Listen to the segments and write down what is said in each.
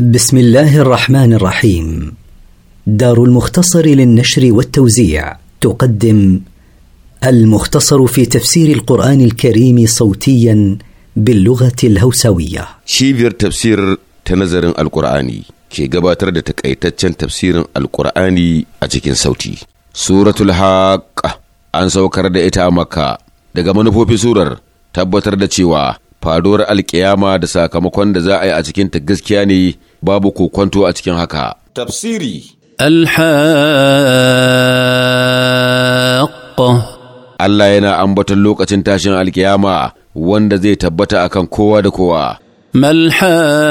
بسم الله الرحمن الرحيم دار المختصر للنشر والتوزيع تقدم المختصر في تفسير القرآن الكريم صوتيا باللغة الهوسوية شيفير تفسير تنظر القرآني كي قباتر تكأيتتشن تفسير القرآني أجيكين صوتي سورة الحاق أنسو كرد إتا مكة daga manufofin surar tabbatar da faruwar alkiyama da sakamakon da za a yi a cikin ta gaskiya ne babu kokwanto a cikin haka. Tafsiri Alhaƙa Allah yana ambaton lokacin tashin alkiyama wanda zai tabbata akan kowa da kowa. Malhaƙa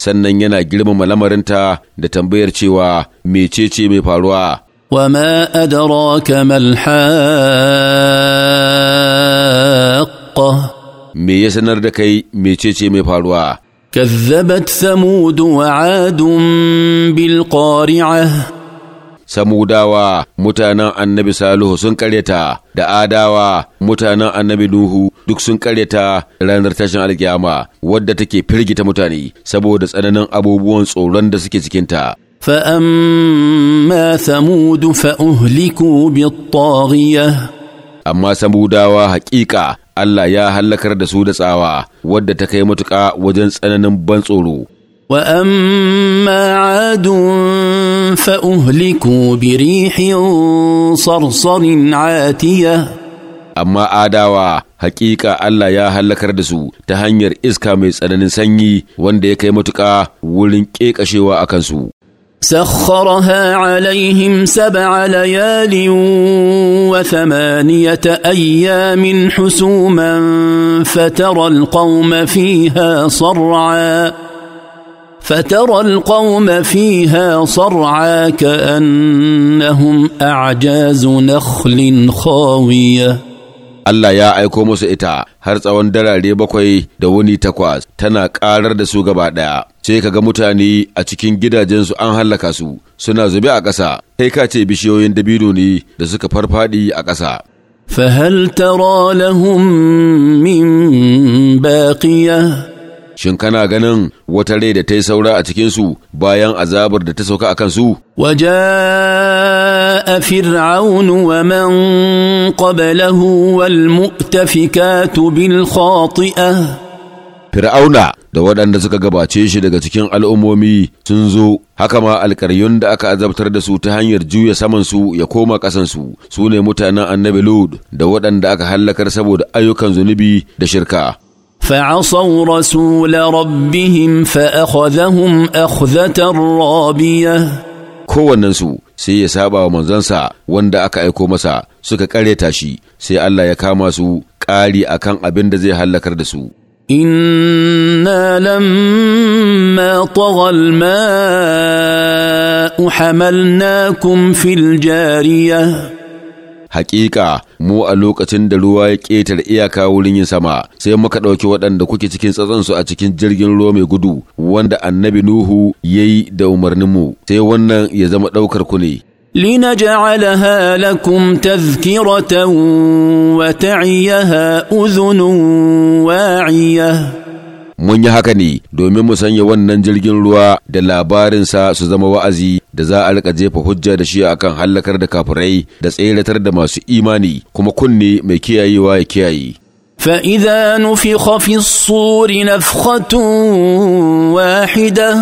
Sannan yana girmama lamarinta da tambayar cewa mecece mai faruwa. وما أدراك ما الحاقة me ya sanar da kai mecece mai faruwa كذبت ثمود وعاد بالقارعة Samudawa mutanen annabi Salihu sun karyata da Adawa mutanen annabi Nuhu duk sun karyata ranar tashin alkiyama wadda take firgita mutane saboda tsananin abubuwan tsoron da suke cikinta. فأما ثمود فأهلكوا بالطاغية أما ثمود حقيقة الله يا هلك رد سودة ساوا ودتك يمتك وجنس kai matuƙa وأما عاد فأهلكوا بريح صرصر عاتية أما آداوا حقيقة الله يا هلكر دسو تهنير إسكا ميس أنا نسني وان دي كيمتك ولن أشيوا أكنسو سخرها عليهم سبع ليال وثمانيه ايام حسوما فترى القوم فيها صرعا فترى القوم فيها صرعا كانهم اعجاز نخل خاويه Allah ya aiko musu ita har tsawon darare bakwai da wuni takwas tana karar da su gaba ɗaya. Sai ka ga mutane a cikin gidajensu an hallaka su suna zube a ƙasa, kai ka ce bishiyoyin dabino ne da suka farfaɗi a ƙasa. فهل ترى baƙiya. shin kana ganin wata rai da ta yi saura a cikinsu bayan azabar da ta sauka a kansu? Waje a wa ƙwabalahu wal ومن قبله bil بالخاطئة Fir'auna da waɗanda suka gabace shi daga cikin al'ummomi sun zo, haka ma alƙaryun da aka azabtar da su ta hanyar juya samansu ya koma ƙasansu, su ne mutanen annabi Lod da waɗanda aka hallakar saboda ayyukan zunubi da shirka. فعصوا رسول ربهم فأخذهم أخذة رابية كوان سي يسابا ومنزنسا واندا أكا يكو مسا سكا كالي تاشي سي ألا يكاما كالي أكان أبند هلا كردسو إنا لما طغى الماء حملناكم في الجاريه Hakika mu a lokacin da ruwa ya ƙetare iyaka wurin yin sama sai muka ɗauki waɗanda kuke cikin su a cikin jirgin ruwa mai gudu wanda annabi Nuhu ya yi da umarninmu sai wannan ya zama ɗaukar ku ne. لنجعلها لكم تذكرة وتعيها أذن واعية mun yi haka ne domin mu sanya wannan jirgin ruwa da labarinsa su zama wa'azi da za a rika jefa hujja da shi akan hallakar da kafirai da tseratar da masu imani kuma kunne mai kiyayewa ya kiyaye فإذا نفخ في الصور نفخة wahida.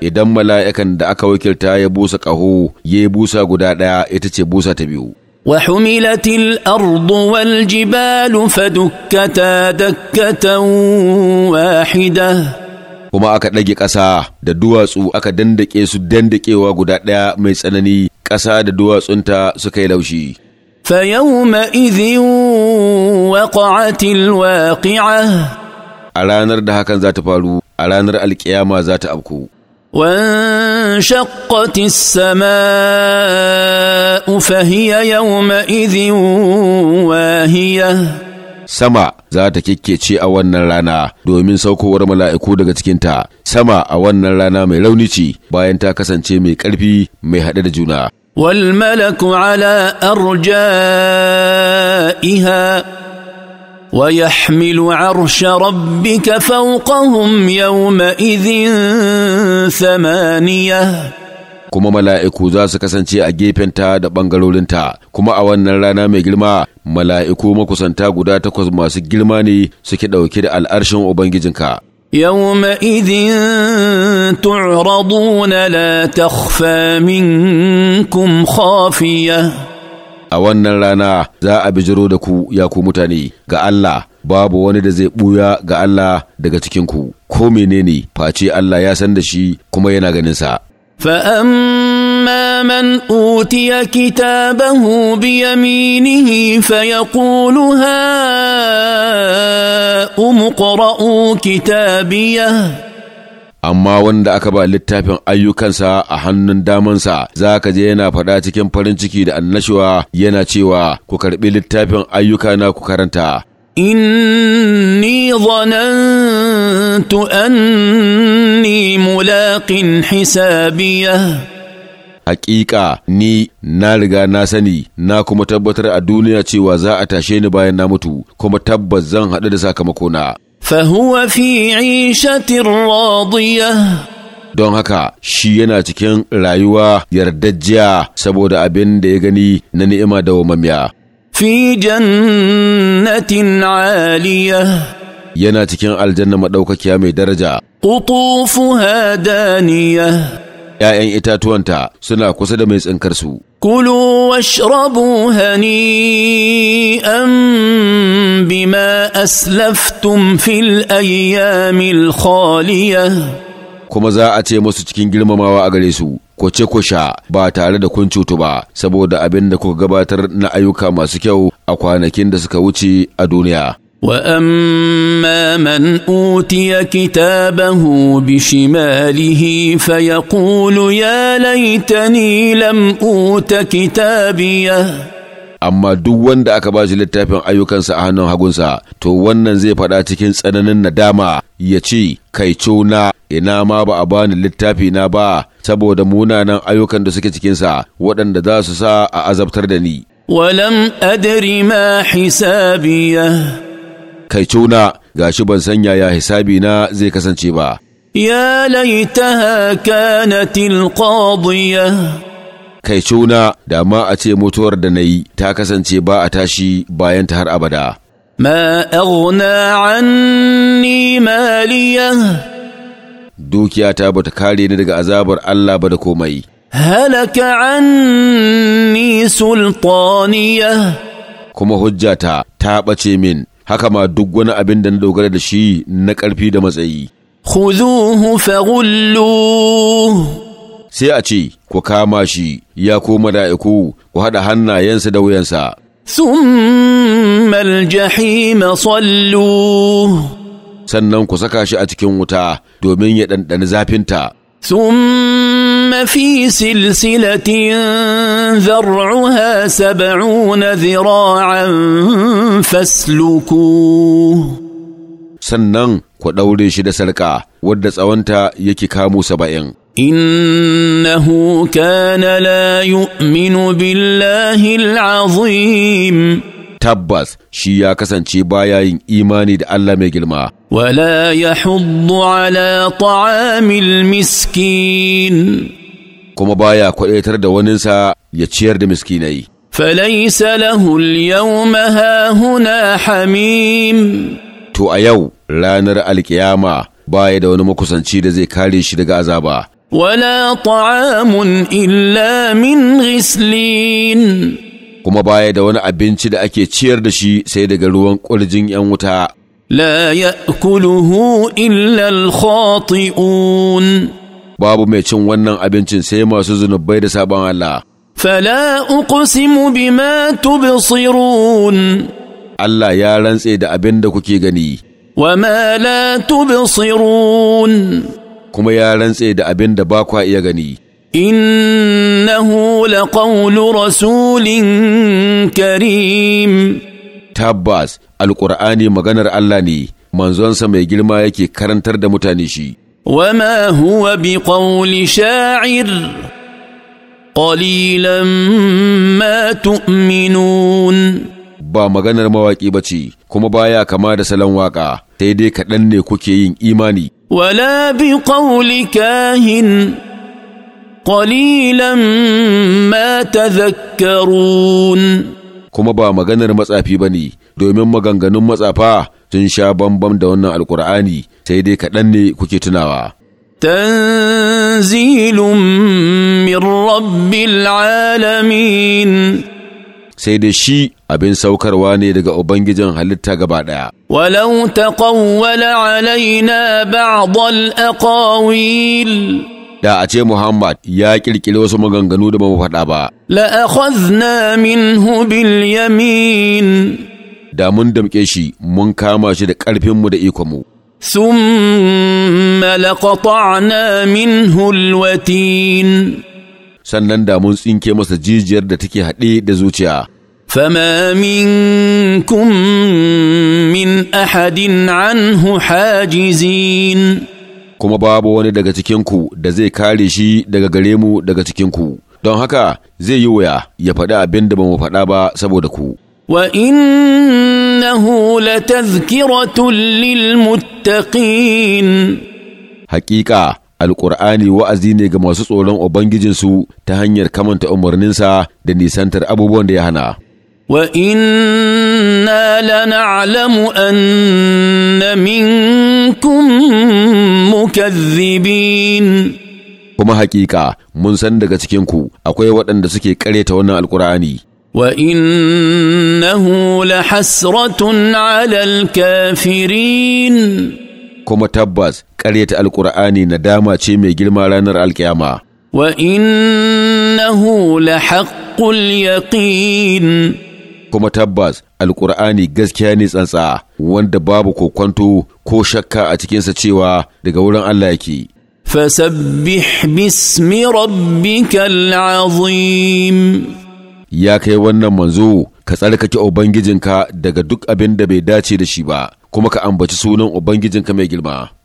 idan mala'ikan da aka wakilta ya busa ƙaho ya busa guda ɗaya ita ce busa ta biyu. وحملت الارض والجبال فدكتا دكه واحده kuma aka ɗage ƙasa da duwatsu aka dandake su dandakewa guda ɗaya mai tsanani ƙasa da duwatsunta suka yi laushi. فيومئذ وقعت waƙi'a a ranar da hakan za ta faru a ranar alƙiyama za ta abku وانشقت السماء فهي يومئذ واهيه sama za ta kyakkece a wannan rana domin saukowar mala'iku daga cikinta sama a wannan rana mai rauni ce bayan ta kasance mai ƙarfi mai haɗe da juna. والملك على أرجائها ويحمل عرش ربك فوقهم يومئذ samaniya. kuma mala'iku za su kasance a gefenta da ɓangarorinta, kuma a wannan rana mai girma mala'iku makusanta guda takwas masu girma ne suke ɗauke da al'arshin Ubangijinka. يومئذ turaduna لا تخفى منكم خافيه a wannan rana za a bijiro da ku ya ku mutane ga Allah babu wani da zai buya ga Allah daga cikin ku ko menene face Allah ya san da shi kuma yana ganin sa من اوتي كتابه بيمينه فيقول هاؤم اقرءوا كتابيه amma wanda aka ba littafin ayyukansa a hannun damansa za ka je yana faɗa cikin farin ciki da annashuwa yana cewa ku karɓi littafin ayyukana ku karanta إني ظننت ni mulaƙin hisabiya. Haƙiƙa ni na riga na sani na kuma tabbatar a duniya cewa za a tashe ni bayan na mutu kuma tabbas zan haɗu da sakamakona. فهو في عيشة راضية don haka shi yana cikin rayuwa yardajjiya saboda abin da ya gani na ni'ima da wamamiya. Fi jannatin aliyah yana cikin aljanna maɗaukakiya mai daraja. Ƙutufu daniyah ‘ya'yan itatuwanta suna kusa da mai tsinkarsu. Kulu washrabu an bima aslaftum fil ayyamil koliya. kuma za a ce musu cikin girmamawa a gare su, ko ce ku sha ba tare da kun cutu ba, saboda abin da kuka gabatar na ayyuka masu kyau a kwanakin da suka wuce a duniya. واما من اوتي كتابه بشماله فيقول يا ليتني لم اوت كتابيه amma duk wanda aka ba shi littafin ayyukansa a hannun hagunsa to wannan zai faɗa cikin tsananin nadama ya ce kai na ina ma ba a bani littafi na ba saboda munanan ayyukan da suke cikinsa waɗanda za su sa a azabtar da ni walam adri ma hisabiya kai cuna shi ban san yaya hisabi na zai kasance ba ya laitaha kanatil qadiyah kai cuna da ma a ce mutuwar da na yi ta kasance ba a tashi bayan ta har abada ma aghna anni ni dukiyata ba ta kare ni daga azabar Allah ba da komai. Halaka anni sultaniya kuma hujjata ta ɓace min haka ma duk wani abin da na dogara da shi na ƙarfi da matsayi. Huzuhu fagullu sai a ce, Ku kama shi, ya ko mala'iku, ku haɗa hannayensa da wuyansa. Thummal jahima sallu. Sannan ku saka shi a cikin wuta domin ya ɗanɗani zafinta. Thummal يسمعون في سلسلة ذرعها سبعون ذراعا فاسلكوه sannan ku ɗaure shi da sarƙa wadda tsawonta yake kamo saba'in. Innahu kana la yu'minu billahi al'azim. Tabbas shi ya kasance baya yin imani da Allah mai girma. Wala ya ala ta'amil miskin. kuma baya kwaɗaitar da waninsa ya ciyar da miskinai فليس له اليوم هاهنا hamim to a yau ranar alkiyama baya da wani makusanci da zai kare shi daga azaba wala ta'amun illa min rislin. kuma baya da wani abinci da ake ciyar da shi sai daga ruwan ƙwarjin 'yan wuta la ya'kuluhu illa al babu mai cin wannan abincin sai masu zunubai da sabon Allah. Fala uqsimu bima tubsirun Allah ya rantse da abin da kuke gani. Wama la tubsirun Kuma ya rantse da abin da ba kwa iya gani. Innahu laqawlu rasulin karim Tabbas, Alƙur'ani maganar Allah ne, manzonsa mai girma yake karantar da mutane shi. وما هو بقول شاعر قليلا ما تؤمنون ba maganar mawaƙi bace kuma baya kama da salon waƙa sai dai kaɗan ne kuke yin imani wala bi ƙauli kahin ƙalilan ma tazakkarun kuma ba maganar matsafi bane domin maganganun matsafa sun sha bambam da wannan alkur'ani sai dai kaɗan ne kuke tunawa. Tanzilun min rabbil alamin sai da shi abin saukarwa ne daga Ubangijin halitta gaba ɗaya. Walau taqawwala alaina ba'dal aqawil Da a ce Muhammad ya ƙirƙiri wasu maganganu da ba mu faɗa ba. La'akhazna minhu bil yamin da mun damƙe shi mun kama shi da ƙarfinmu da ikonmu. ثم na min hulwatin. sannan da mun tsinke masa jijiyar da take haɗe da zuciya. Kun min من أحد عنه hajizin. kuma babu wani daga cikinku da zai kare shi daga gare mu daga cikinku don haka zai yi wuya ya faɗi abin da ba mu faɗa ba saboda ku. وانه لتذكره للمتقين حقيقه alƙur'ani wa'azi ne ga masu tsoron ubangijinsu ta hanyar kamanta umarninsa da nisantar abubuwan da ya hana wa inna lana'lamu anna minkum mukazzibin kuma haƙiƙa mun san daga cikinku akwai waɗanda suke ƙareta wannan alƙur'ani وانه hasratun على kafirin. kuma tabbas ƙaryata alƙur'ani nadama ce mai girma ranar alƙiyama وانه لحق yaƙin. kuma tabbas alƙur'ani gaskiya ne tsantsa wanda babu kokwanto ko shakka a cikinsa cewa daga wurin Allah yake fasabbih bismi rabbikal azim ya kai wannan manzo ka tsarkake ubangijinka daga duk abin da bai dace da shi ba kuma ka ambaci sunan ubangijinka mai girma